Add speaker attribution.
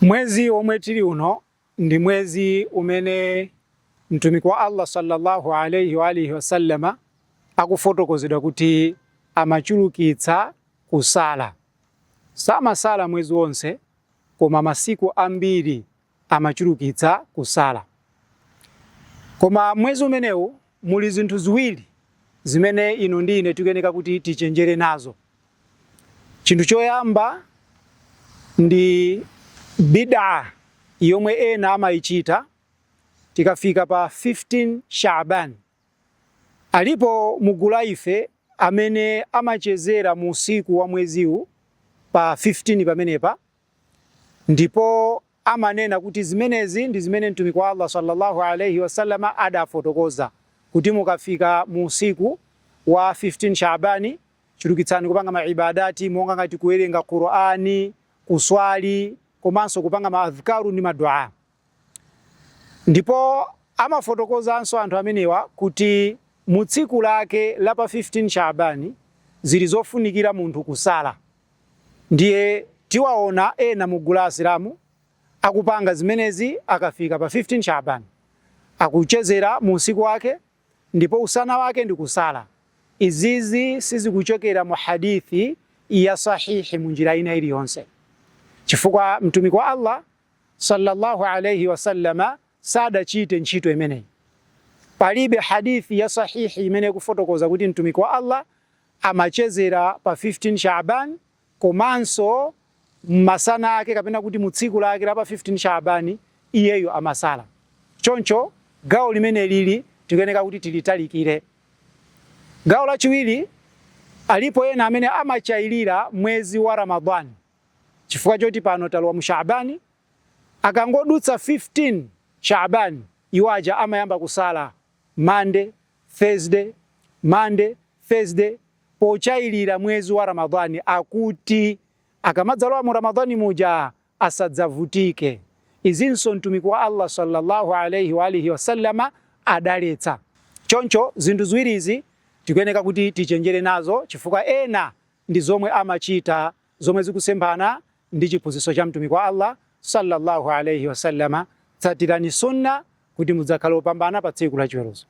Speaker 1: mwezi womwe tili uno ndi mwezi umene mtumiki wa Allah sallallahu alayhi wa alihi wasallama akufotokozedwa kuti amachulukitsa kusala samasala mwezi wonse koma masiku ambiri amachulukitsa kusala koma mwezi umenewu muli zinthu ziwiri zimene ino ndi ine tikuyeneka kuti tichenjere nazo chinthu choyamba ndi Bidaa, yomwe ena amayichita tikafika pa 15 Shaaban alipo mugula ife amene amachezera mu usiku wa mweziwu pa 15 pamenepa ndipo amanena kuti zimenezi ndi zimene mtumiki wa Allah sallallahu alayhi wasallama adafotokoza kuti mukafika mu usiku wa 15 Shaabani chirukitsani kupanga maibadati monga ngati kuwerenga Qur'ani, kuswali komanso kupanga maadhkaru ni madua ndipo amafotokozanso anthu amenewa kuti mutsiku lake la pa 15 Shaabani zilizofunikira munthu kusala ndiye tiwaona ena mu gulu asilamu akupanga zimenezi akafika pa 15 Shaabani akuchezera musiku wake ndipo usana wake ndi kusala. Izizi sizikuchokera mu hadithi ya sahihi munjira ina iliyonse chifukwa mtumiki wa allah sallallahu alayhi sallama sada chite ntchito imeneyi palibe hadithi ya sahihi imene kufotokoza kuti mtumiki wa allah amachezera pa 15 Shaaban komanso masana ake kapena kuti mutsiku lake la pa 15 Shaaban iyeyo amasala choncho gawo limene lili tikeneka kuti tilitalikire gawo chiwili alipo ena amene amachailira mwezi wa Ramadhani chifukwa choti pano talowa mu shaabani akangodutsa 15 shaabani iwaja amayamba kusala mande thursday mande thursday pochayilira mwezi wa ramadhani akuti akamadzalowa mu ramadhani muja asadzavutike izinso mtumiki wa allah sallallahu alayhi wa alihi wasallama adaletsa choncho zinthu izi tikuyeneka kuti tichenjere nazo chifukwa ena ndi zomwe amachita zomwe zikusemphana ndicho chiphunzitso cha mtumiki wa Allah sallallahu alayhi wasallama tsatirani sunna kuti mudzakhala opambana pa tsiku la chiweruzo